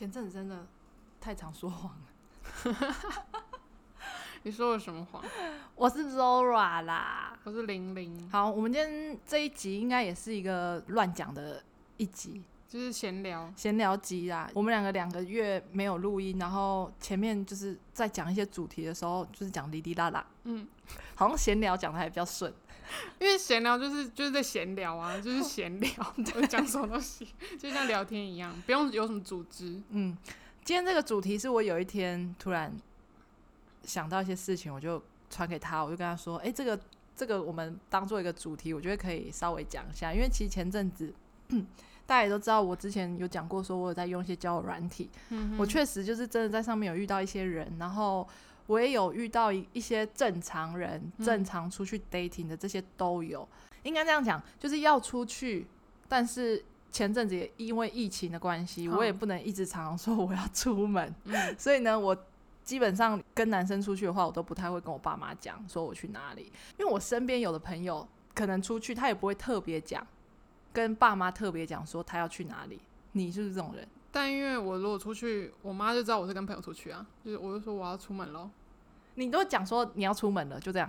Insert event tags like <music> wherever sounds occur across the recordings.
前陣子真的太常說謊了。 <laughs> <laughs> 你說我什麼謊？我是 Zora 啦，我是玲玲。好，我們今天這一集應該也是一個亂講的一集，就是閒聊閒聊集啦。我們兩個兩個月沒有錄音，然後前面就是在講一些主題的時候，就是講哩哩啦啦。嗯，好像閒聊講的還比較順。因為閒聊就是就是在閒聊啊，就是閒聊，講 <laughs> 對 什麼東西就像聊天一樣，不用有什麼組織。嗯，今天這個主題是我有一天突然想到一些事情，我就傳給他，我就跟他說：“誒、欸，這個這個我們當做一個主題，我覺得可以稍微講一下。”因為其實前陣子大家也都知道，我之前有講過，說我有在用一些交友軟體，嗯、哼我確實就是真的在上面有遇到一些人，然後。我也有遇到一些正常人，正常出去 dating 的這些都有，嗯、應該這樣講，就是要出去，但是前陣子也因為疫情的關係，哦、我也不能一直常常說我要出門，嗯、所以呢，我基本上跟男生出去的話，我都不太會跟我爸媽講說我去哪裡，因為我身邊有的朋友可能出去，他也不會特別講，跟爸媽特別講說他要去哪裡。你是不是這種人？但因為我如果出去，我媽就知道我是跟朋友出去啊，就是我就說我要出門嘍。你都講說你要出門了，就這樣。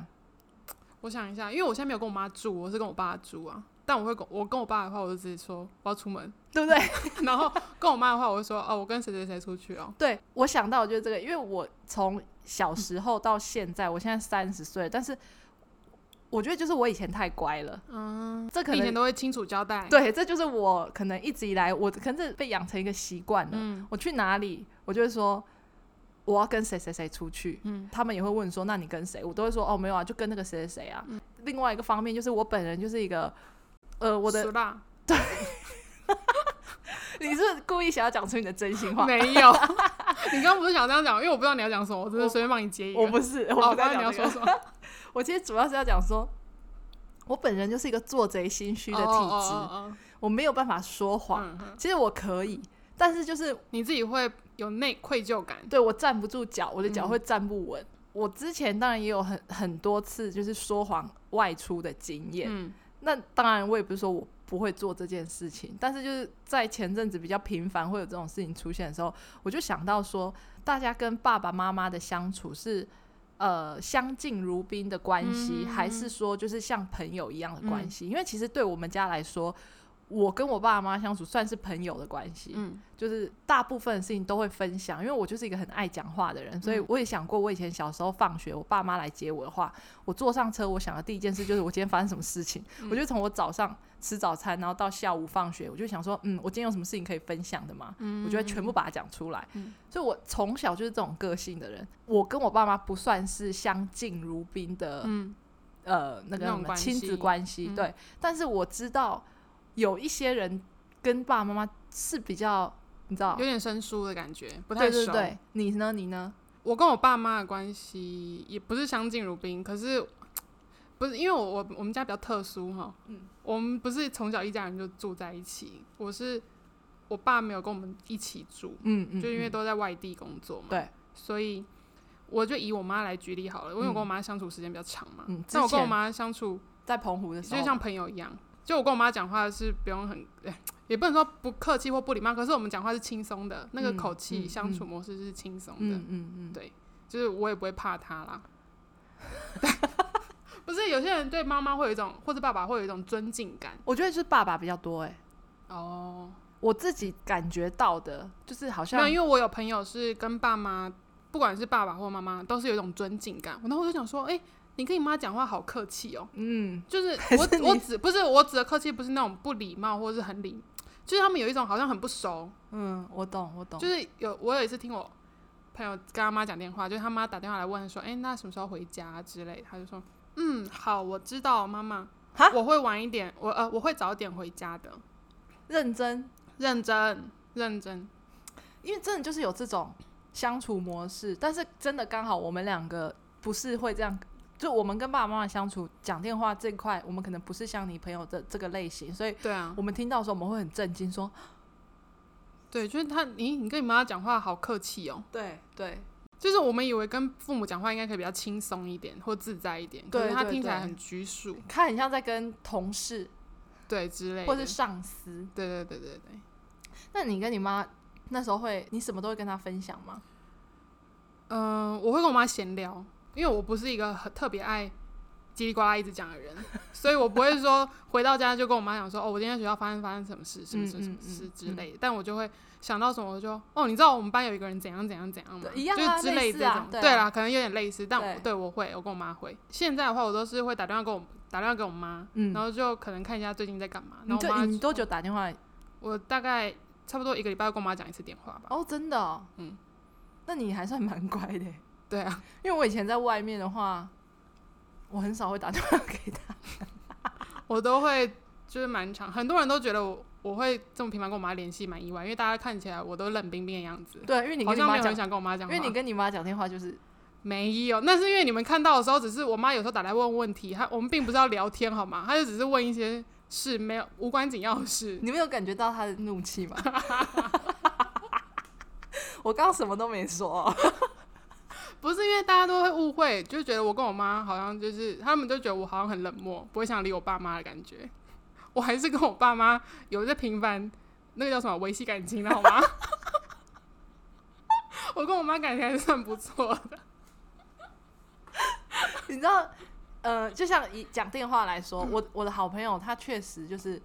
我想一下，因為我現在沒有跟我媽住，我是跟我爸住啊。但我會跟我跟我爸的話，我就直接說我要出門，對不對？ <laughs> 然後跟我媽的話我會，我就說哦，我跟誰誰誰出去哦。對，我想到的就是這個，因為我從小時候到現在， <laughs> 我現在三十歲，但是我覺得就是我以前太乖了，嗯，這可能以前都會清楚交代。對，這就是我可能一直以來，我可能是被養成一個習慣了。嗯，我去哪裡，我就會說。我要跟誰誰誰出去，嗯、他們也會問說，那你跟誰？我都會說，哦，沒有啊，就跟那個誰誰誰啊。嗯、另外一個方面就是，我本人就是一個，呃，我的，辣對， <laughs> 你是，是故意想要講出你的真心話？沒有，你剛剛不是想這樣講，因為我不知道你要講什麼，我只是隨便幫你接一個我，我不是，我剛剛、這個哦、要說什麼？ <laughs> 我其實主要是要講說，我本人就是一個做賊心虛的體質，oh, oh, oh, oh, oh. 我沒有辦法說謊。嗯、其實我可以。嗯但是就是你自己會有內愧疚感，對，我站不住腳，我的腳會站不穩。嗯、我之前當然也有很很多次就是說謊外出的經驗，嗯、那當然我也不是說我不會做這件事情，但是就是在前陣子比較頻繁會有這種事情出現的時候，我就想到說，大家跟爸爸媽媽的相處是呃相敬如賓的關係，嗯、還是說就是像朋友一樣的關係？嗯、因為其實對我們家來說。我跟我爸媽相處算是朋友的關係，嗯，就是大部分的事情都會分享，因為我就是一個很愛講話的人，所以我也想過，我以前小時候放學，我爸媽來接我的話，我坐上車，我想的第一件事就是我今天發生什麼事情，嗯，我就從我早上吃早餐，然後到下午放學，我就想說，嗯，我今天有什麼事情可以分享的嗎？嗯，我覺得全部把它講出來，嗯，所以我從小就是這種個性的人。我跟我爸媽不算是相敬如賓的，嗯，呃，那個什麼親子關係，對，嗯，但是我知道。有一些人跟爸爸媽媽是比較，你知道，有點生疏的感覺，不太熟。對,對對，你呢？你呢？我跟我爸媽的關係也不是相敬如賓，可是不是因為我我我們家比較特殊哈，嗯，我們不是從小一家人就住在一起，我是我爸沒有跟我們一起住，嗯嗯，嗯嗯就因為都在外地工作嘛，對，所以我就以我媽來舉例好了，因為我跟我媽相處時間比較長嘛，嗯，那、嗯、我跟我媽相處在澎湖的時候，就像朋友一樣。哦就我跟我媽講話是不用很、欸，也不能說不客氣或不禮貌，可是我們講話是輕鬆的，那個口氣相處模式是輕鬆的。嗯嗯，嗯，對，就是我也不會怕她啦。 <laughs> <laughs> 不是有些人對媽媽會有一種，或者爸爸會有一種尊敬感。我覺得是爸爸比較多哎、欸。哦，oh, 我自己感覺到的就是好像，因為我有朋友是跟爸媽，不管是爸爸或媽媽，都是有一種尊敬感。我那會就想說，哎、欸。你跟你媽講話好客氣哦，嗯，就是我我指不是我指的客氣，不是那種不禮貌或是很禮，就是他們有一種好像很不熟。嗯，我懂我懂，就是有我有一次聽我朋友跟他媽講電話，就是他媽打電話來問說，欸，那什麼時候回家啊之類，他就說，嗯，好，我知道媽媽，哈，我會晚一點，我呃我會早點回家的，認真認真認真，因為真的就是有這種相處模式，但是真的剛好我們兩個不是會這樣。就我們跟爸爸媽媽相處、講電話這塊，我們可能不是像你朋友的這個類型，所以，對啊，我們聽到的時候我們會很震驚，說、啊，對，就是他，咦，你跟你媽媽講話好客氣哦、喔，對對，就是我們以為跟父母講話應該可以比較輕鬆一點或自在一點，可能，他聽起來很拘束，他很像在跟同事，對之類的，或是上司，對，對對對對對。那你跟你媽那時候會，你什麼都會跟他分享嗎？嗯、呃，我會跟我媽閒聊。因為我不是一個很特別愛嘰里呱啦一直講的人，所以我不會說回到家就跟我媽講說哦，我今天學校發生發生什麼事，是不是，什麼事之類的。但我就會想到什麼，我就哦，你知道我們班有一個人怎樣怎樣怎樣嗎？一樣啊，類似啊，對啦，可能有點類似。但我對我會，我跟我媽會。現在的話，我都是會打電話給我打電話給我媽，然後就可能看一下最近在幹嘛。那你多久打電話？我大概差不多一個禮拜跟我媽講一次電話吧。哦，真的？嗯，那你還算蠻乖的。對啊，因為我以前在外面的話，我很少會打電話給他， <laughs> 我都會就是蠻長，很多人都覺得我我會這麼頻繁跟我媽聯繫，蠻意外，因為大家看起來我都冷冰冰的樣子。對，因為你好像沒有很想跟我媽講，因為你跟你媽講電話就是沒有，那是因為你們看到的時候，只是我媽有時候打來問問題，她，我們並不是要聊天，好嗎？她就只是問一些事，沒有無關緊要的事。你沒有感覺到她的怒氣嗎？ <laughs> <laughs> 我剛剛什麼都沒說。 <laughs> 不是，因為大家都會誤會，就覺得我跟我媽好像就是，他們就覺得我好像很冷漠，不會想理我爸媽的感覺。我還是跟我爸媽有一個頻繁，那個叫什麼維繫感情的好嗎？ <laughs> <laughs> 我跟我媽感情還是算不錯的。你知道，呃，就像以講電話來說，我我的好朋友他確實就是，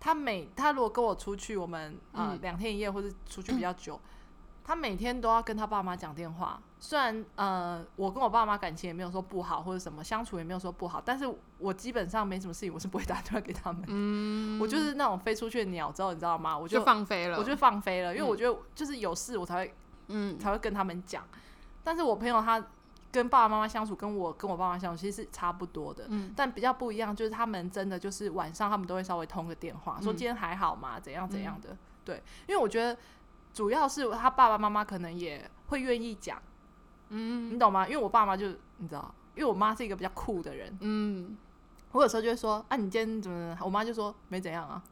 他每他如果跟我出去，我們啊、呃、嗯、兩天一夜或者出去比較久，嗯、他每天都要跟他爸媽講電話。雖然呃，我跟我爸媽感情也沒有說不好或者什麼相處，也沒有說不好，但是我基本上沒什麼事情我是不會打電話給他們的。嗯，我就是那種飛出去的鳥之後，你知道嗎？我就，就放飛了，我就放飛了，因為我覺得就是有事我才會，嗯，才會跟他們講。但是我朋友他跟爸爸媽媽相處，跟我跟我爸媽相處其實是差不多的，嗯，但比較不一樣就是他們真的就是晚上他們都會稍微通個電話，嗯，說今天還好嗎？怎樣怎樣的。嗯，對，因為我覺得主要是他爸爸媽媽可能也會願意講。嗯，你懂嗎？因為我爸媽就你知道，因為我媽是一個比較酷的人，嗯，我有時候就會說啊，你今天怎麼？我媽就說沒怎樣啊，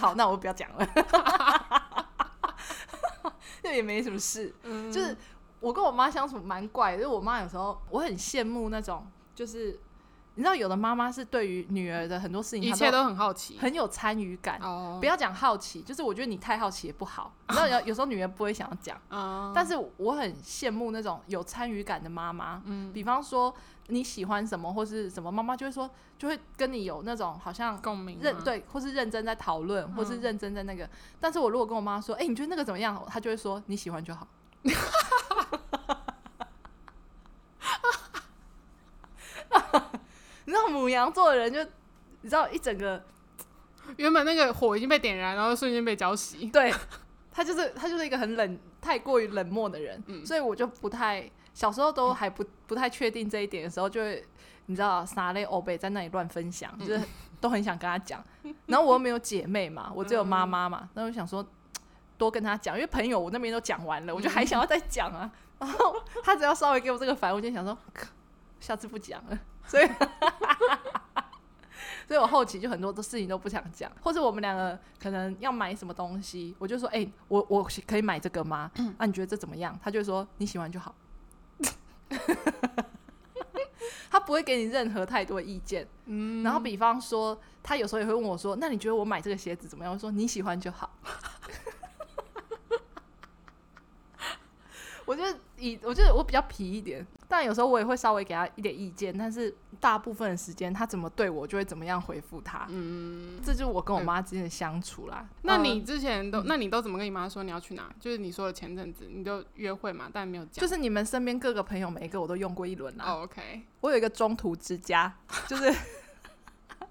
好， <laughs> <laughs> <laughs> 那我不要講了，就 <laughs> <laughs> <laughs> 也沒什麼事。嗯、就是我跟我媽相處蠻怪的，就是我媽有時候我很羨慕那種，就是。你知道有的媽媽是對於女兒的很多事情，一切都很好奇，很有參與感。哦，oh. 不要講好奇，就是我覺得你太好奇也不好。你知道，有時候女兒不會想要講、oh. 但是我很羨慕那種有參與感的媽媽。嗯，oh. 比方說你喜歡什麼或是什麼，媽媽就會說，就會跟你有那種好像共鳴、啊，認對，或是認真在討論，或是認真在那個。Oh. 但是我如果跟我媽、媽說，哎、欸，你覺得那個怎麼樣？她就會說你喜歡就好。 <laughs> 牡羊座的人就你知道一整個原本那個火已經被點燃，然後瞬間被澆熄。對，他就是他就是一個很冷、太過於冷漠的人，嗯、所以我就不太小時候都還不不太確定這一點的時候，就會你知道撒淚歐貝在那裡亂分享，嗯、就是都很想跟他講。然後我又沒有姐妹嘛， <laughs> 我只有媽媽嘛，那我想說多跟他講，因為朋友我那邊都講完了，我就還想要再講啊。嗯、然後他只要稍微給我這個煩，我就想說下次不講了。 <laughs> 所以，所以，我後期就很多的事情都不想講，或者我們兩個可能要買什麼東西，我就說，哎、欸，我我可以買這個嗎？嗯，那、啊、你覺得這怎麼樣？他就說你喜歡就好， <laughs> 他不會給你任何太多意見。嗯，然後比方說，他有時候也會問我說，那你覺得我買這個鞋子怎麼樣？我說你喜歡就好。我覺得以，我覺得我比較皮一點，但有時候我也會稍微給他一點意見，但是大部分的時間他怎麼對我就會怎麼樣回復他。嗯，這就是我跟我媽之間的相處啦。嗯，那你之前都，嗯，那你都怎麼跟你媽說你要去哪？就是你說的前陣子，你都約會嘛，但沒有講。就是你們身邊各個朋友，每一個我都用過一輪啦。Oh, OK，我有一個中途之家，就是呃，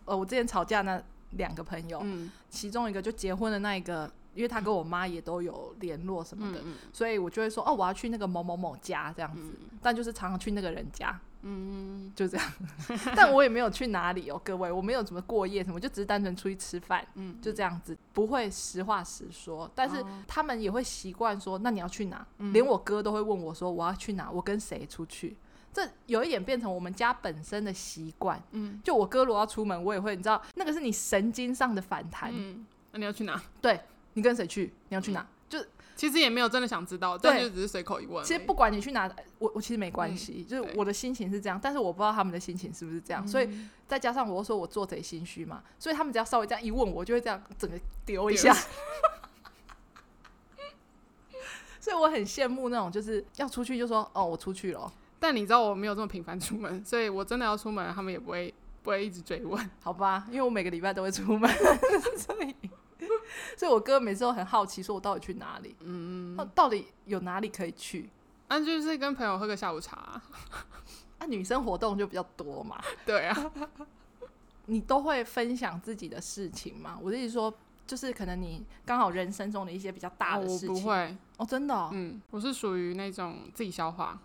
<laughs> 哦，我之前吵架那兩個朋友，嗯，其中一個就結婚的那一個。因為他跟我媽也都有聯絡什麼的，嗯嗯、所以我就會說哦，我要去那個某某某家這樣子，嗯、但就是常常去那個人家，嗯，就這樣。 <laughs> 但我也沒有去哪裡哦，各位，我沒有什麼過夜什麼，就只是單純出去吃飯，嗯，就這樣子，不會實話實說。但是他們也會習慣說，那你要去哪？嗯、連我哥都會問我說，我要去哪？我跟誰出去？這有一點變成我們家本身的習慣，嗯，就我哥如果要出門，我也會，你知道，那個是你神經上的反彈，嗯，那你要去哪？對。你跟誰去？你要去哪？就其實也沒有真的想知道，對，但就只是隨口一問。其實不管你去哪，我我其實沒關係。就是我的心情是這樣，但是我不知道他們的心情是不是這樣。所以再加上我又說我做賊心虛嘛，所以他們只要稍微這樣一問，我就會這樣整個丟一下。所以我很羨慕那種就是要出去就說哦，我出去了，但你知道我沒有這麼頻繁出門，所以我真的要出門，他們也不會不會一直追問，好吧？因為我每個禮拜都會出門，所以。所以，我哥每次都很好奇，說我到底去哪裡？嗯，到底有哪裡可以去？那、啊、就是跟朋友喝個下午茶、啊。那、啊、女生活動就比較多嘛。對啊，你都會分享自己的事情嘛？我是說，就是可能你剛好人生中的一些比較大的事情。我不會哦，真的、哦。嗯，我是屬於那種自己消化。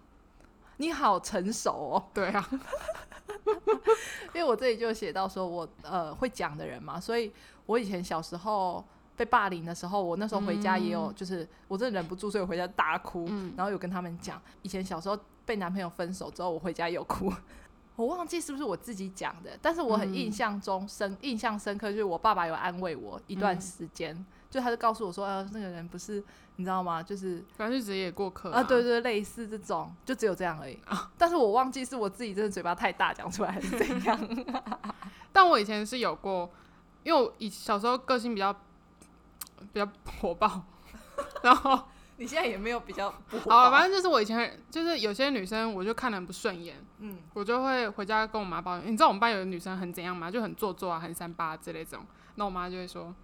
你好成熟哦。對啊， <laughs> 因為我這裡就寫到說我，我呃會講的人嘛，所以。我以前小時候被霸凌的時候，我那時候回家也有，就是、嗯、我真的忍不住，所以我回家大哭，嗯、然後有跟他們講。以前小時候被男朋友分手之後，我回家有哭，我忘記是不是我自己講的，但是我很印象中、嗯、深，印象深刻就是我爸爸有安慰我一段時間，嗯、就他就告訴我說：“哎、呃、那個人不是你知道嗎？就是反正只是也過客啊。呃”對對，對，類似這種，就只有這樣而已。啊、但是我忘記是我自己真的嘴巴太大講出來，還是怎樣。 <laughs> <laughs> 但我以前是有過。因為我以小時候個性比較比較火爆，然後 <laughs> 你現在也沒有比較不火爆，好啊，反正就是我以前就是有些女生，我就看的很不順眼，嗯，我就會回家跟我媽抱怨。你知道我們班有個女生很怎樣嗎？就很做作啊，很三八之類這種。那我媽就會說，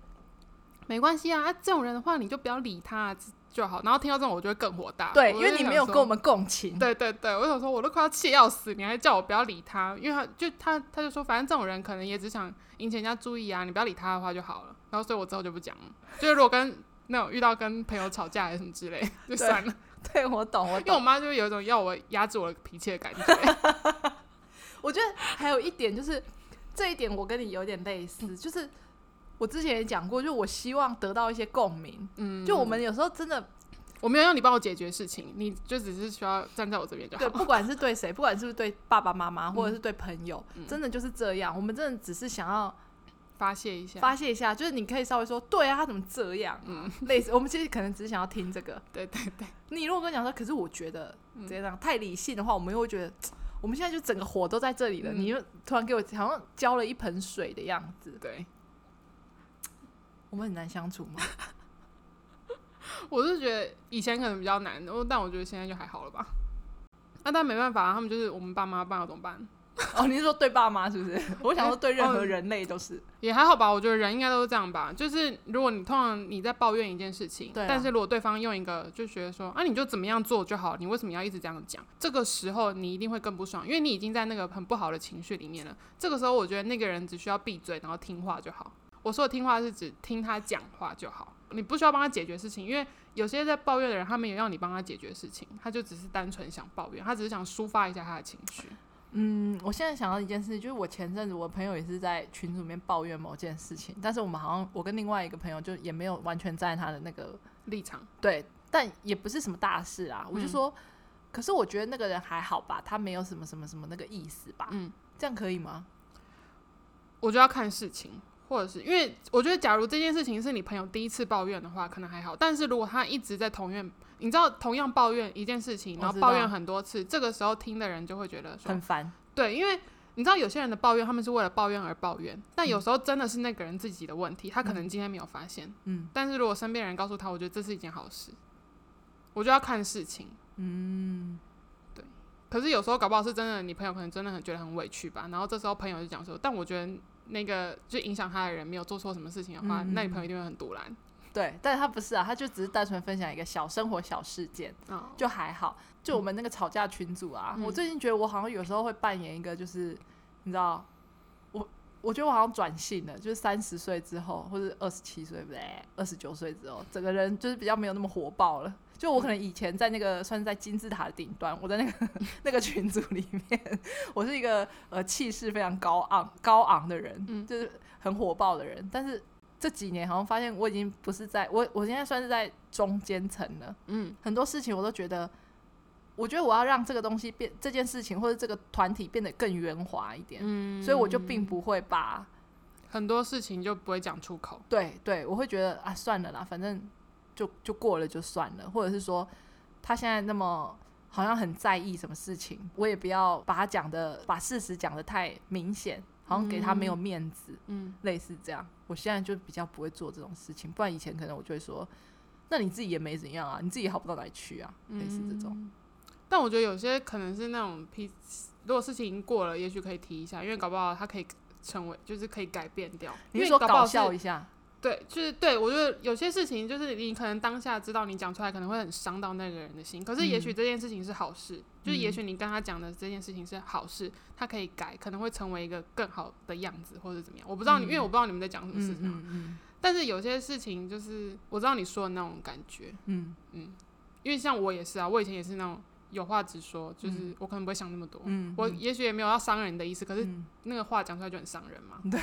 沒關係啊，啊這種人的話你就不要理她啊。就好，然後聽到這種，我就會更火大。對，因為你沒有跟我們共情。對對對，我想說，我都快要氣要死，你還叫我不要理他，因為他就他他就說，反正這種人可能也只想引起人家注意啊，你不要理他的話就好了。然後，所以我之後就不講了。就是如果跟 <laughs> 那種遇到跟朋友吵架還是什麼之類，就算了。對，對我懂，我懂。因為我媽就是有一種要我壓制我的脾氣的感覺。 <laughs> 我覺得還有一點就是，這一點我跟你有點類似，就是。我之前也講過，就我希望得到一些共鳴。嗯，就我們有時候真的，我沒有讓你幫我解決事情，你就只是需要站在我這邊就好。對，不管是對誰，不管是不是對爸爸媽媽，或者是對朋友，真的就是這樣。我們真的只是想要發洩一下，發洩一下。就是你可以稍微說，對啊，他怎麼這樣？嗯，類似我們其實可能只是想要聽這個。對對對，你如果跟我講說，可是我覺得這樣太理性的話，我們又會覺得我們現在就整個火都在這裡了，你又突然給我好像澆了一盆水的樣子。對。我們很難相處嗎？ <laughs> 我是覺得以前可能比較難，但我覺得現在就還好了吧。那、啊、但沒辦法，他們就是我們爸媽，辦要怎麼辦？哦，你是說對爸媽是不是？ <laughs> 我想說對任何人類都是。哎哦、也還好吧，我覺得人應該都是這樣吧。就是如果你通常你在抱怨一件事情，啊、但是如果對方用一個就覺得說，啊，你就怎麼樣做就好，你為什麼要一直這樣講？這個時候你一定會更不爽，因為你已經在那個很不好的情緒裡面了。這個時候我覺得那個人只需要閉嘴，然後聽話就好。我說的聽話是指聽他講話就好，你不需要幫他解決事情，因為有些在抱怨的人，他沒有讓你幫他解決事情，他就只是單純想抱怨，他只是想抒發一下他的情緒。嗯，我現在想到一件事，就是我前陣子我朋友也是在群組裡面抱怨某件事情，但是我們好像我跟另外一個朋友就也沒有完全站在他的那個立場，對，但也不是什麼大事啊，嗯、我就說，可是我覺得那個人還好吧，他沒有什麼什麼什麼那個意思吧？嗯，這樣可以嗎？我就要看事情。或者是因為我覺得，假如這件事情是你朋友第一次抱怨的話，可能還好。但是如果他一直在同怨，你知道同樣抱怨一件事情，然後抱怨很多次，這個時候聽的人就會覺得說很煩。對，因為你知道有些人的抱怨，他們是為了抱怨而抱怨。但有時候真的是那個人自己的問題，他可能今天沒有發現。嗯。但是如果身邊人告訴他，我覺得這是一件好事。我就要看事情。嗯，對。可是有時候搞不好是真的，你朋友可能真的很覺得很委屈吧。然後這時候朋友就講說：“但我覺得。”那個就影響他的人沒有做錯什麼事情的話，嗯、那你朋友一定會很毒辣。對，但是他不是啊，他就只是單純分享一個小生活小事件，oh. 就還好。就我們那個吵架群組啊，嗯、我最近覺得我好像有時候會扮演一個，就是、嗯、你知道，我我覺得我好像轉性了，就是三十歲之後，或者二十七歲不對，二十九歲之後，整個人就是比較沒有那麼火爆了。就我可能以前在那個算是在金字塔的頂端，嗯、我在那個、嗯、那個群組裡面，我是一個呃氣勢非常高昂高昂的人，嗯、就是很火爆的人。但是這幾年好像發現我已經不是在，我我現在算是在中間層了，嗯，很多事情我都覺得，我覺得我要讓這個東西變，這件事情或者這個團體變得更圓滑一點，嗯，所以我就並不會把很多事情就不會講出口，對對，我會覺得啊算了啦，反正。就就過了就算了，或者是說他現在那麼好像很在意什麼事情，我也不要把他講的把事實講的太明顯，好像給他沒有面子，嗯，類似這樣。我現在就比較不會做這種事情，不然以前可能我就會說，那你自己也沒怎樣啊，你自己也好不到哪裡去啊，嗯，類似這種。但我覺得有些可能是那種批，如果事情已經過了，也許可以提一下，因為搞不好他可以成為，就是可以改變掉，你說搞笑一下。對，就是對，我覺得有些事情就是你可能當下知道，你講出來可能會很傷到那個人的心。可是也許這件事情是好事，嗯、就是也許你跟他講的這件事情是好事，他、嗯、可以改，可能會成為一個更好的樣子或者怎麼樣。我不知道你，嗯、因為我不知道你們在講什麼事情。嗯嗯嗯、但是有些事情就是我知道你說的那種感覺。嗯嗯。因為像我也是啊，我以前也是那種有話直說，就是我可能不會想那麼多。嗯嗯、我也許也沒有要傷人的意思，嗯、可是那個話講出來就很傷人嘛。對。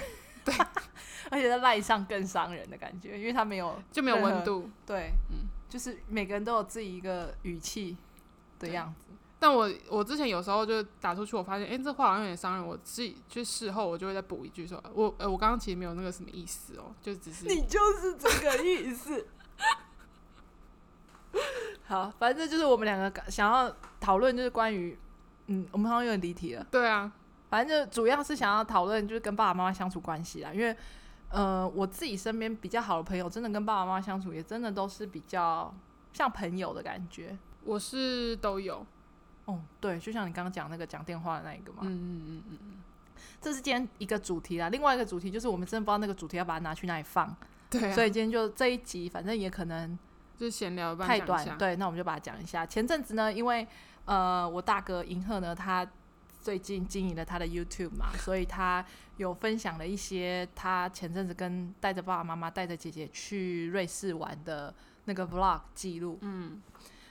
<laughs> 而且在賴上更傷人的感覺，因為他沒有就沒有溫度。對，嗯，就是每個人都有自己一個語氣的樣子。但我我之前有時候就打出去，我發現，哎、欸，這話好像有點傷人。我自己就事後我就會再補一句說，我呃，我剛剛其實沒有那個什麼意思哦、喔，就只是你就是這個意思。 <laughs> 好，反正就是我們兩個想要討論就是關於，嗯，我們好像有點離題了。對啊。反正就主要是想要討論，就是跟爸爸媽媽相處關係啦。因為，呃，我自己身邊比較好的朋友，真的跟爸爸媽媽相處也真的都是比較像朋友的感覺。我是都有，哦，對，就像你剛剛講那個講電話的那一個嘛。嗯嗯嗯嗯嗯。這是今天一個主題啦。另外一個主題就是我們真的不知道那個主題要把它拿去哪裡放。對啊。所以今天就這一集，反正也可能就是閒聊，太短。對，那我們就把它講一下。前陣子呢，因為呃，我大哥銀赫呢，他。最近經營了他的 YouTube 嘛，所以他有分享了一些他前陣子跟帶着爸爸媽媽、帶着姐姐去瑞士玩的那個 Vlog 記錄。嗯，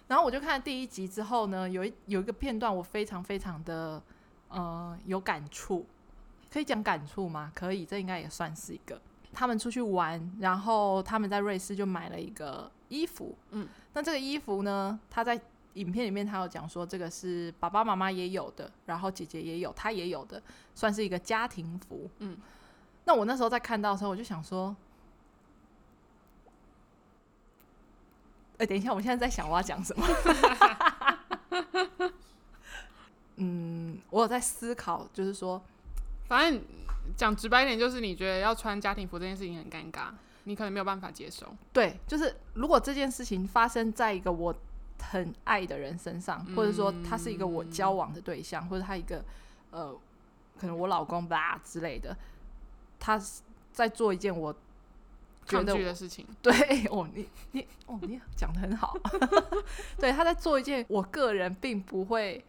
然後我就看了第一集之後呢，有一有一個片段我非常非常的呃有感觸，可以講感觸嗎？可以，這應該也算是一個。他們出去玩，然後他們在瑞士就買了一個衣服。嗯，那這個衣服呢，他在。影片裡面他有講說，這個是爸爸媽媽也有的，然後姐姐也有，他也有的，算是一個家庭服。嗯，那我那時候在看到的時候，我就想說，哎、欸，等一下，我現在在想我要講什麼？ <laughs> <laughs> <laughs> 嗯，我有在思考，就是說，反正講直白一點，就是你覺得要穿家庭服這件事情很尷尬，你可能沒有辦法接受。對，就是如果這件事情發生在一個我。很愛的人身上，或者說他是一個我交往的對象，嗯、或者他一個呃，可能我老公吧之類的，他在做一件我覺得我抗拒的事情。對哦，你你哦，你講得很好。 <laughs> <laughs> 對，他在做一件我個人並不會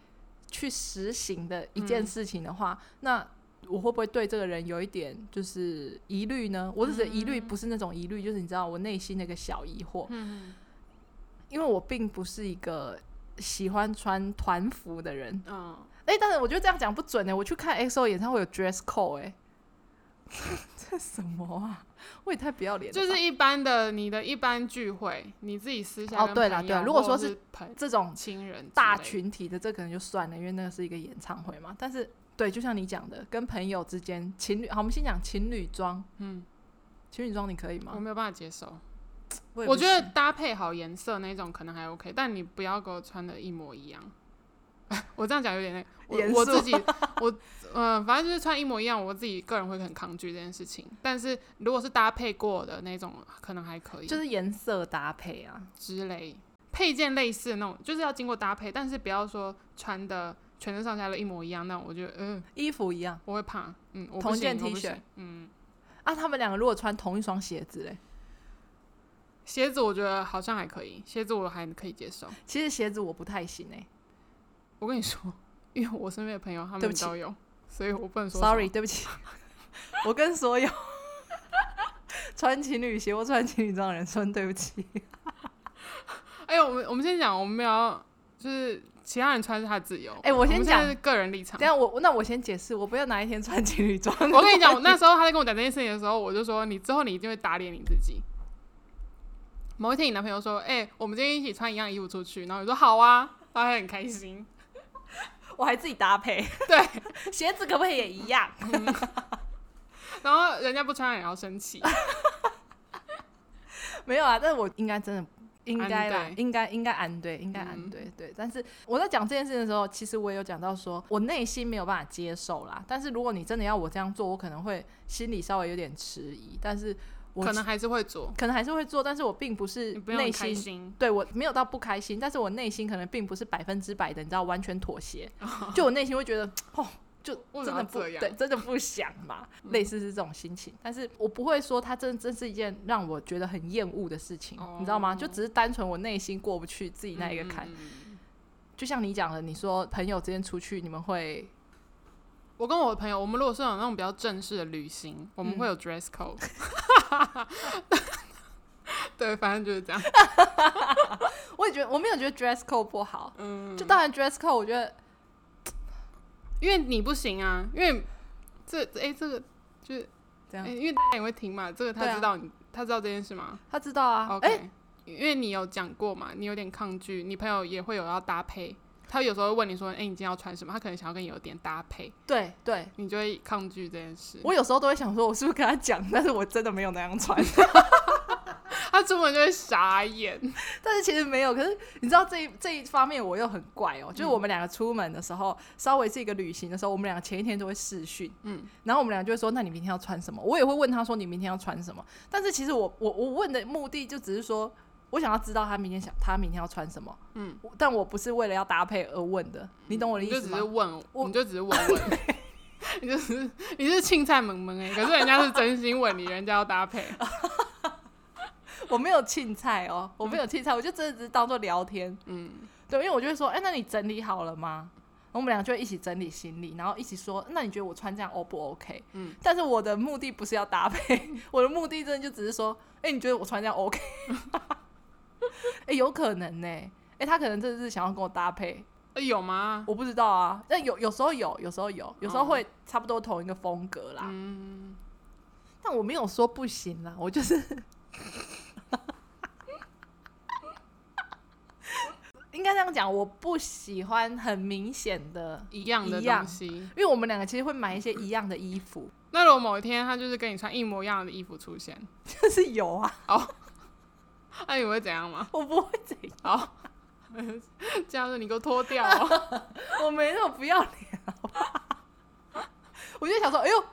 去實行的一件事情的話，嗯、那我會不會對這個人有一點就是疑慮呢？我只是疑慮，不是那種疑慮，嗯、就是你知道我內心那個小疑惑。嗯因為我並不是一個喜歡穿團服的人，嗯、欸，但是我覺得這樣講不準呢、欸。我去看 XO 演唱會有 dress code，誒、欸， <laughs> 這什麼啊？我也太不要臉了。就是一般的，你的一般聚會，你自己私下哦。對了對了，如果說是這種親人大群體的，這可能就算了，因為那個是一個演唱會嘛。但是對，就像你講的，跟朋友之間情侶，好，我們先講情侶裝。嗯，情侶裝你可以嗎？我沒有辦法接受。我，我覺得搭配好顏色那種可能還 OK，但你不要給我穿的一模一樣。 <laughs> 我這樣講有點累，我肅我自己，我嗯、呃，反正就是穿一模一樣，我自己個人會很抗拒這件事情。但是如果是搭配過的那種，可能還可以，就是顏色搭配啊之類，配件類似那種，就是要經過搭配，但是不要說穿的全身上下都一模一樣。那我覺得，嗯、呃，衣服一樣，我會怕，嗯，我同件 T 恤，我嗯，啊，他們兩個如果穿同一雙鞋子嘞？鞋子我覺得好像還可以，鞋子我還可以接受。其實鞋子我不太行哎、欸，我跟你說，因為我身邊的朋友他們都有，所以我不能說。Sorry，對不起， <laughs> 我跟所有 <laughs> 穿情侶鞋或穿情侶裝的人說對不起。哎 <laughs> 呦、欸，我們我們先講，我們沒有要就是其他人穿是他的自由。哎、欸，我先講個人立場。等下我那我先解釋，我不要哪一天穿情侶裝。我跟你講，那時候他在跟我講這件事情的時候，我就說你之後你一定會打臉你自己。某一天，你男朋友說：“哎、欸，我們今天一起穿一樣衣服出去。”然後你說：“好啊。”他很開心，我還自己搭配。對，鞋子可不可以也一樣？ <laughs> 然後人家不穿也要生氣。 <laughs> 沒有啊，但是我應該真的應該了對，應該應該安對，應該安對對。嗯、但是我在講這件事的時候，其實我也有講到說，說我內心沒有辦法接受啦。但是如果你真的要我這樣做，我可能會心裡稍微有點遲疑。但是。我可能還是會做，可能還是會做，但是我並不是內心，對，我沒有到不開心，但是我內心可能並不是百分之百的，你知道，完全妥協。Uh huh. 就我內心會覺得，哦，就真的不想，對，真的不想嘛，嗯、類似是這種心情。但是我不會說，它真真是一件讓我覺得很厭惡的事情，嗯、你知道嗎？就只是單純我內心過不去自己那一個坎。嗯、就像你講的，你說朋友之間出去，你們會，我跟我的朋友，我們如果是有那種比較正式的旅行，我們會有 dress code。嗯哈， <laughs> 對，反正就是這樣。 <laughs> 我也覺得，我沒有覺得 dress code 不好。嗯、就當然 dress code 我覺得，因為你不行啊，因為這誒，欸、這個就是這樣，欸、因為大家也會聽嘛，這個他知道，啊、他知道這件事嗎？他知道啊。OK，欸、因為你有講過嘛，你有點抗拒，你朋友也會有要搭配。他有時候問你說：“哎、欸，你今天要穿什麼？”他可能想要跟你有點搭配，對對，對你就會抗拒這件事。我有時候都會想說，我是不是跟他講？但是我真的沒有那樣穿， <laughs> <laughs> 他出門就會傻眼。但是其實沒有，可是你知道這一這一方面我又很怪哦、喔，嗯、就是我們兩個出門的時候，稍微是一個旅行的時候，我們兩個前一天都會視訊，嗯，然後我們倆就會說：“那你明天要穿什麼？”我也會問他說：“你明天要穿什麼？”但是其實我我我問的目的就只是說。我想要知道他明天想他明天要穿什麼，嗯，但我不是為了要搭配而問的，你懂我的意思嗎？你就只是問，我你就只是問問， <laughs> 對 你就是你就是青菜萌萌哎，可是人家是真心問你， <laughs> 人家要搭配， <laughs> 我沒有青菜哦、喔，我沒有青菜，我就真的只是當做聊天，嗯，對，因為我就會說，哎、欸，那你整理好了嗎？我們倆就一起整理行李，然後一起說，那你覺得我穿這樣 O 不 OK？嗯，但是我的目的不是要搭配，我的目的真的就只是說，哎、欸，你覺得我穿這樣 OK？ <laughs> 哎，欸、有可能呢、欸。哎、欸，他可能真的是想要跟我搭配。欸、有嗎？我不知道啊。但有，有時候有，有時候有，有時候會差不多同一個風格啦。嗯、但我沒有說不行啦，我就是 <laughs> <laughs> <laughs> 應該這樣講，我不喜歡很明顯的、一樣的東西，因為我們兩個其實會買一些一樣的衣服。那如果某一天他就是跟你穿一模一樣的衣服出現，就是有啊。哦。Oh. 那、啊、你會怎樣嗎？我不會怎樣。好， <laughs> 這樣子你給我脫掉、哦。 <laughs> 我沒那麼不要臉。 <laughs> 我就想說，哎呦，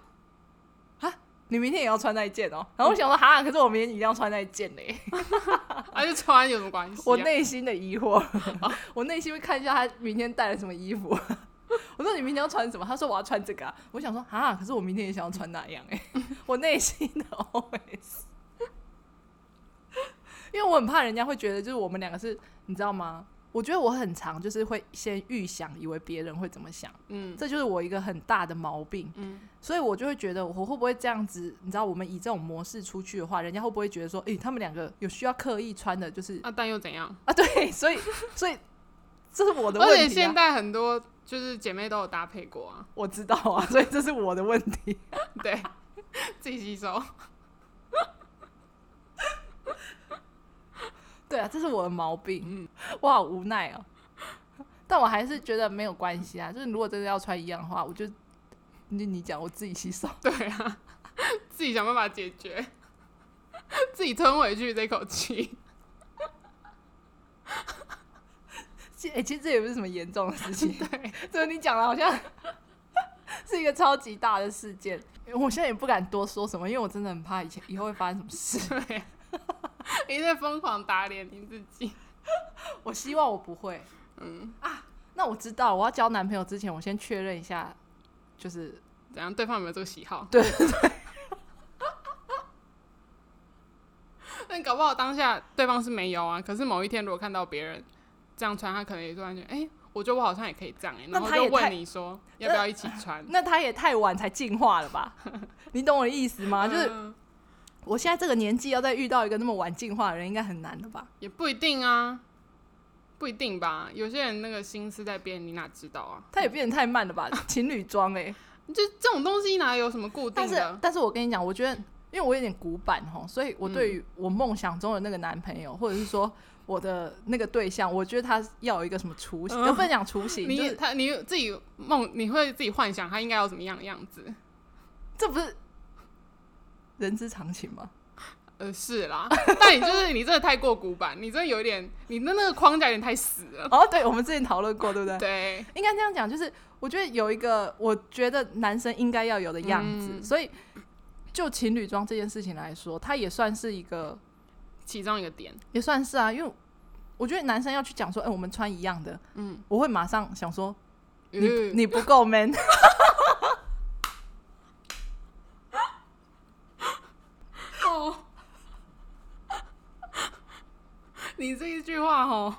啊，你明天也要穿那一件哦。然後我想說，哈，可是我明天一定要穿那一件呢。他、 <laughs> 啊、就穿有什麼關係、啊？我內心的疑惑。 <laughs> 我內心會看一下他明天帶了什麼衣服。 <laughs> 我說你明天要穿什麼？他說我要穿這個、啊。我想說哈，可是我明天也想要穿那樣、欸？哎， <laughs> 我內心的 always。因為我很怕人家會覺得，就是我們兩個是，你知道嗎？我覺得我很常，就是會先預想，以為別人會怎麼想，嗯，這就是我一個很大的毛病，嗯，所以我就會覺得，我會不會這樣子？你知道，我們以這種模式出去的話，人家會不會覺得說，哎、欸，他們兩個有需要刻意穿的，就是啊，但又怎樣啊？對，所以，所以， <laughs> 所以這是我的問題、啊。而且現在很多就是姐妹都有搭配過啊，我知道啊，所以這是我的問題， <laughs> 對自己吸收。 <laughs> 對啊，這是我的毛病，嗯、我好無奈哦、喔。 <laughs> 但我還是覺得沒有關係啊。就是如果真的要穿一樣的話，我就你你講，我自己吸收。對啊，自己想辦法解決，自己吞回去這口氣。其實、欸，其實這也不是什麼嚴重的事情。對，就是 <laughs> 你講的好像是一個超級大的事件。我現在也不敢多說什麼，因為我真的很怕以前以後會發生什麼事。也在瘋狂打臉你自己，我希望我不會。嗯啊，那我知道，我要交男朋友之前，我先確認一下，就是怎樣，對方有沒有這個喜好？對對對。那你搞不好當下對方是沒有啊，可是某一天如果看到別人這樣穿，他可能也突然覺得，哎，我覺得我好像也可以這樣，哎，然後他就問你說要不要一起穿？那他也太晚才進化了吧？你懂我的意思嗎？就是。我現在這個年紀，要再遇到一個那麼晚進化的人，應該很難了吧？也不一定啊，不一定吧？有些人那個心思在變，你哪知道啊？他也變得太慢了吧？ <laughs> 情侶裝哎、欸，就這種東西哪有什麼固定的？但是，但是我跟你講，我覺得，因為我有點古板哦。所以我對於我夢想中的那個男朋友，嗯、或者是說我的那個對象，我覺得他要有一個什麼雛形，能、嗯、不能講雛形？ <laughs> 就是、你他你自己夢，你會自己幻想他應該有什麼樣的樣子？這不是。人之常情嘛，呃，是啦。 <laughs> 但你就是你，真的太過古板， <laughs> 你真的有一點，你的那個框架有點太死了。哦，oh, 對，我們之前討論過，對不對？對，應該這樣講，就是我覺得有一個，我覺得男生應該要有的樣子。嗯、所以，就情侶裝這件事情來說，它也算是一個其中一個點，也算是啊。因為我覺得男生要去講說，哎、欸，我們穿一樣的，嗯，我會馬上想說，你、嗯、你不夠 man。 <laughs> 這句話哦，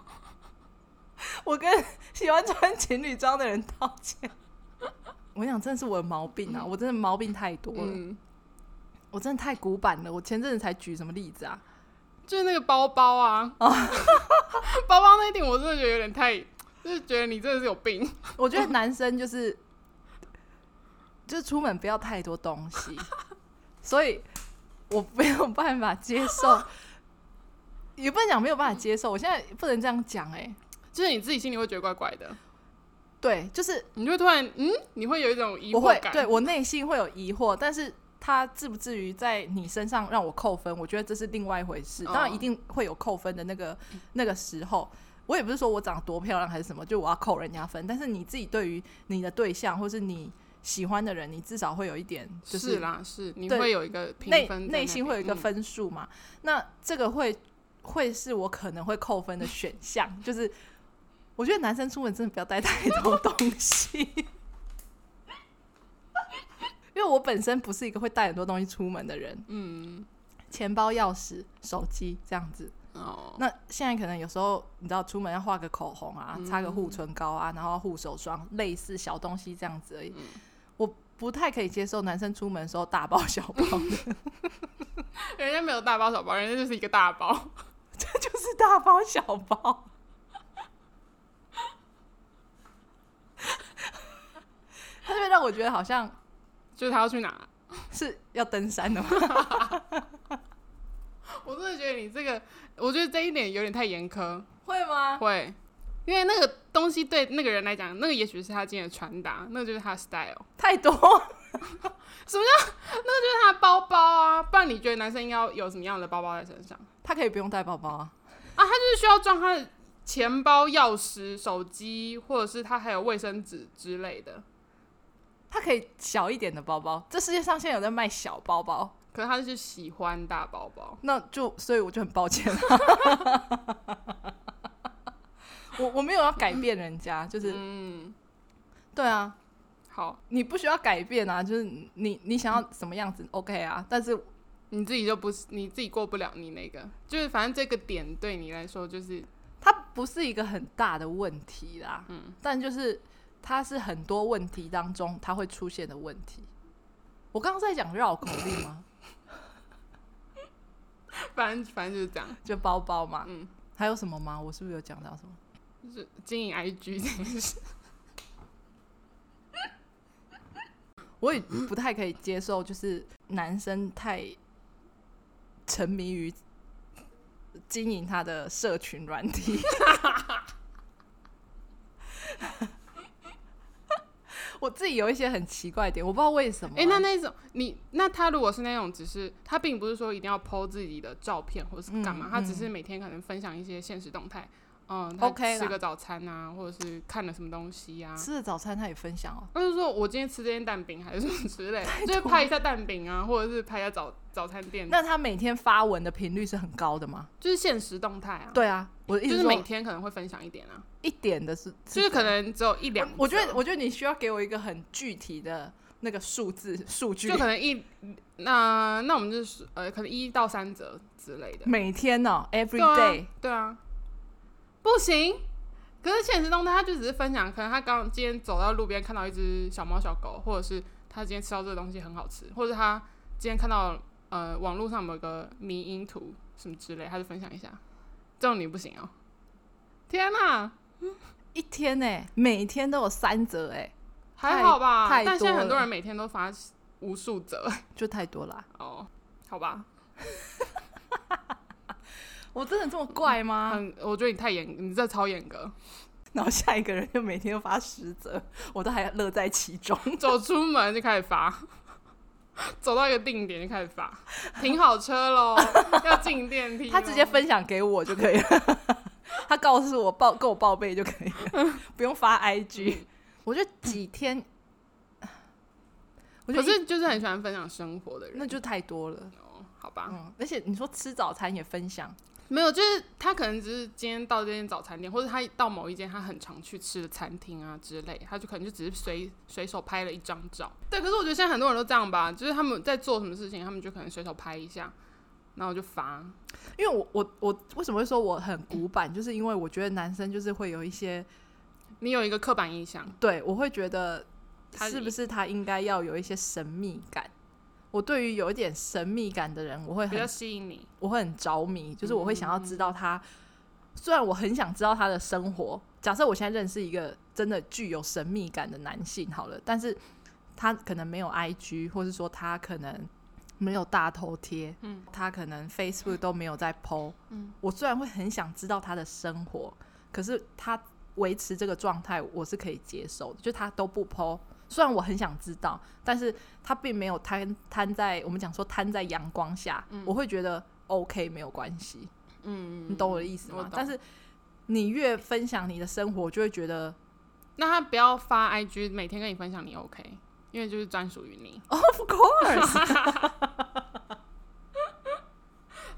<laughs> 我跟喜歡穿情侶裝的人道歉 <laughs> 我跟你講，真的是我的毛病啊，嗯、我真的毛病太多了，嗯、我真的太古板了。我前陣子才舉什麼例子啊？就是那個包包啊， <laughs> <laughs> 包包那一點我真的覺得有點太，就是覺得你真的是有病。 <laughs> 我覺得男生就是，就是出門不要太多東西， <laughs> 所以我沒有辦法接受。 <laughs> 也不能講沒有辦法接受，我現在不能這樣講哎、欸，就是你自己心裡會覺得怪怪的，對，就是你會突然嗯，你會有一種疑惑感，對，我內心會有疑惑，但是他至不至於在你身上讓我扣分，我覺得這是另外一回事，當然一定會有扣分的那個、oh. 那個時候，我也不是說我長得多漂亮還是什麼，就我要扣人家分，但是你自己對於你的對象或是你喜歡的人，你至少會有一點、就是，是啦，是你會有一個平分，內心會有一個分數嘛，嗯、那這個會。會是我可能會扣分的選項，就是我覺得男生出門真的不要帶太多東西， <laughs> 因為我本身不是一個會帶很多東西出門的人。嗯，錢包、鑰匙、手機這樣子。哦，那現在可能有時候你知道出門要畫個口紅啊，擦個護唇膏啊，然後護手，手霜，類似小東西這樣子而已。嗯、我不太可以接受男生出門的時候大包小包的，嗯、 <laughs> 人家沒有大包小包，人家就是一個大包。 <laughs> 這就是大包小包，他這邊讓我覺得好像，就是他要去哪，是要登山的嗎？ <laughs> <laughs> 我真的覺得你這個，我覺得這一點有點太嚴苛。會嗎？會，因為那個東西對那個人來講，那個也許是他今天的穿搭，那個就是他的 style。太多 <laughs> <laughs> 什麼叫，那個就是他的包包啊。不然你覺得男生應該要有什麼樣的包包在身上？他可以不用帶包包啊，啊，他就是需要裝他的錢包、鑰匙、手機，或者是他還有衛生紙之類的。他可以小一點的包包。這世界上現在有在賣小包包，可是他就是喜歡大包包。那就所以我就很抱歉 <laughs> <laughs> 我我沒有要改變人家，嗯、就是嗯，對啊，好，你不需要改變啊，就是你你想要什麼樣子、嗯、，OK 啊，但是。你自己就不是你自己過不了你那個，就是反正這個點對你來說就是它不是一個很大的問題啦。嗯，但就是它是很多問題當中它會出現的問題。我剛剛在講繞口令嗎？ <laughs> 反正反正就是這樣，就包包嘛。嗯，還有什麼嗎？我是不是有講到什麼？就是經營 IG 這件事 <laughs> <laughs> 我也不太可以接受，就是男生太。沉迷於經營他的社群軟體， <laughs> <laughs> 我自己有一些很奇怪的點，我不知道為什麼、啊。哎、欸，那那種你，那他如果是那種，只是他並不是說一定要 po 自己的照片或是幹嘛，嗯嗯、他只是每天可能分享一些現實動態。嗯，OK，吃個早餐啊，okay 啦，或者是看了什麼東西呀，啊？吃的早餐他也分享哦。那就是說我今天吃這件蛋餅還是什麼之類的，就是拍一下蛋餅啊，或者是拍一下早早餐店。那他每天發文的頻率是很高的嗎？就是限時動態啊。對啊，我的意思就是每天可能會分享一點啊，一點的是，就是可能只有一兩啊。我覺得，我覺得你需要給我一個很具體的那個數字數據。就可能一，那，呃，那我們就是呃，可能一到三折之類的。每天哦，喔，every day，對啊。對啊不行，可是現實中他，就只是分享，可能他剛今天走到路邊看到一隻小貓小狗，或者是他今天吃到這個東西很好吃，或者是他今天看到呃網絡上某個迷因圖什麼之類，他就分享一下。這種你不行哦、喔。天哪、啊，一天呢？欸，每天都有三則哎、欸，還好吧？但現在很多人每天都發無數則，就太多了、啊、哦，好吧。 <laughs> 我真的這麼怪嗎？嗯嗯、我覺得你太嚴，你這超嚴格。然後下一個人就每天都發十則，我都還樂在其中。走出門就開始發，走到一個定點就開始發，停好車嘍， <laughs> 要進電梯、喔。他直接分享給我就可以了， <laughs> 他告訴我報，跟我報備就可以了， <laughs> 不用發 IG。嗯、我覺得幾天， <laughs> 我覺得就是很喜歡分享生活的人，那就太多了、oh, 好吧、嗯，而且你說吃早餐也分享。沒有，就是他可能只是今天到這間早餐店，或者他到某一間他很常去吃的餐廳啊之類，他就可能就只是隨隨手拍了一張照。對，可是我覺得現在很多人都這樣吧，就是他們在做什麼事情，他們就可能隨手拍一下，然後就發。因為我我我為什麼會說我很古板，就是因為我覺得男生就是會有一些，你有一個刻板印象，對，我會覺得他是不是他應該要有一些神秘感。我對於有一點神秘感的人，我會比較吸引你，我會很着迷，就是我會想要知道他。嗯嗯嗯，雖然我很想知道他的生活，假設我現在認識一個真的具有神秘感的男性，好了，但是他可能沒有 IG，或是說他可能沒有大頭貼，嗯，他可能 Facebook 都沒有在 PO 嗯，我雖然會很想知道他的生活，可是他維持這個狀態我是可以接受的，就他都不 PO 雖然我很想知道，但是他並沒有攤攤在我們講說攤在陽光下，嗯、我會覺得 OK 沒有關係。嗯，你懂我的意思嗎？懂但是你越分享你的生活，我就會覺得那他不要發 IG 每天跟你分享你 OK，因為就是專屬於你。Of course， <laughs> <laughs>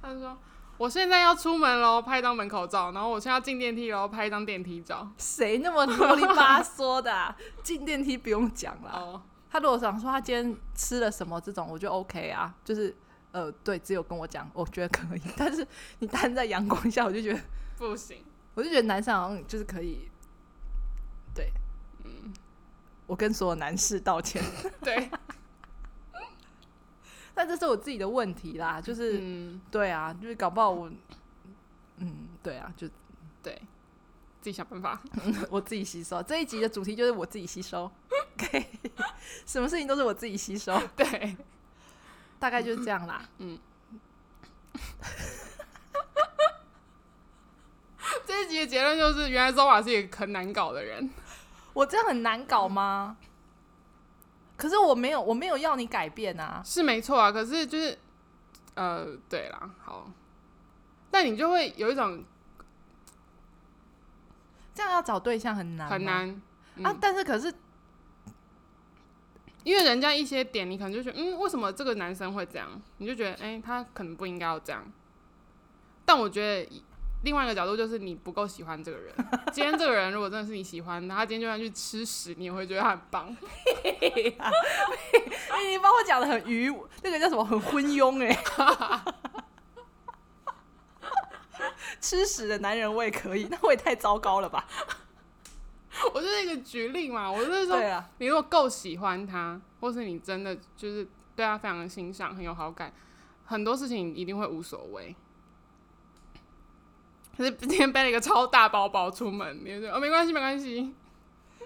他就說。我現在要出門了，拍一張門口照，然後我現在要進電梯了，拍一張電梯照。誰那麼囉里八嗦的啊？進 <laughs> 電梯不用講了。哦，他如果想說他今天吃了什麼這種，我覺得 OK 啊，就是呃，對，只有跟我講，我覺得可以。但是你站在陽光下，我就覺得不行。我就覺得男生好像就是可以，對，嗯，我跟所有男士道歉， <laughs> 對。但這是我自己的問題啦，就是、嗯、對啊，就是搞不好我，嗯，對啊，就對自己想辦法， <laughs> 我自己吸收。這一集的主題就是我自己吸收 <laughs> o、okay, 什麼事情都是我自己吸收，對，大概就是這樣啦。嗯，嗯 <laughs> <laughs> 這一集的結論就是，原來 Zora 是一個很難搞的人，我這樣很難搞嗎？嗯可是我沒有，我沒有要你改變啊！是沒錯啊，可是就是，呃，對啦。好，那你就會有一種這樣要找對象很難很難、嗯、啊！但是可是，因為人家一些點，你可能就覺得，嗯，為什麼這個男生會這樣？你就覺得，哎、欸，他可能不應該要這樣。但我覺得。另外一個角度就是你不夠喜歡這個人。今天這個人如果真的是你喜歡，他今天就算去吃屎，你也會覺得他很棒、 <laughs> 啊。你你把我講的很愚，那個叫什麼？很昏庸哎、欸。 <laughs> 吃屎的男人我也可以，那我也太糟糕了吧？我就是一個舉例嘛，我就是說，你如果夠喜歡他，或是你真的就是對他非常的欣賞，很有好感，很多事情一定會無所謂。今天背了一個超大包包出門，你、就是、哦沒關係沒關係。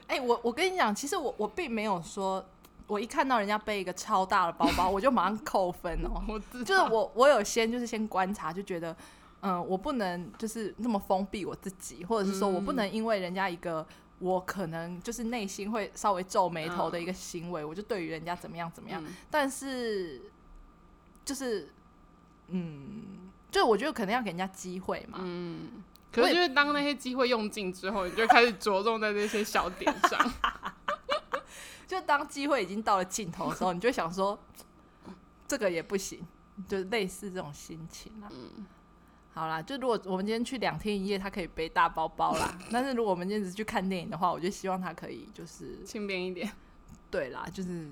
哎、欸，我我跟你講，其實我我並沒有說，我一看到人家背一個超大的包包， <laughs> 我就馬上扣分哦、喔。我就是我我有先就是先觀察，就覺得嗯、呃，我不能就是那麼封閉我自己，或者是說我不能因為人家一個我可能就是內心會稍微皺眉頭的一個行為，嗯、我就對於人家怎麼樣怎麼樣。嗯、但是就是嗯。就我覺得可能要給人家機會嘛。嗯，也可是就是當那些機會用盡之後，你就開始着重在那些小點上。 <laughs> <laughs> 就當機會已經到了盡頭的時候，你就想說這個也不行，就類似這種心情啦、啊。嗯，好啦，就如果我們今天去兩天一夜，他可以背大包包啦。 <laughs> 但是如果我們今天只去看電影的話，我就希望他可以就是輕便一點。對啦，就是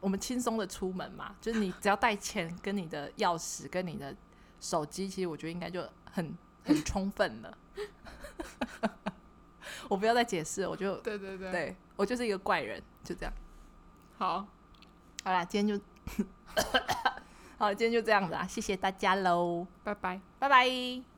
我們輕鬆的出門嘛。就是你只要帶錢、跟你的鑰匙、跟你的。手機，其實我覺得應該就很很充分了， <laughs> <laughs> 我不要再解釋了，我就對對對，對，我就是一個怪人，就這樣，好，好啦。今天就 <coughs> <coughs> 好，今天就這樣子啊，謝謝大家嘍，拜拜，拜拜。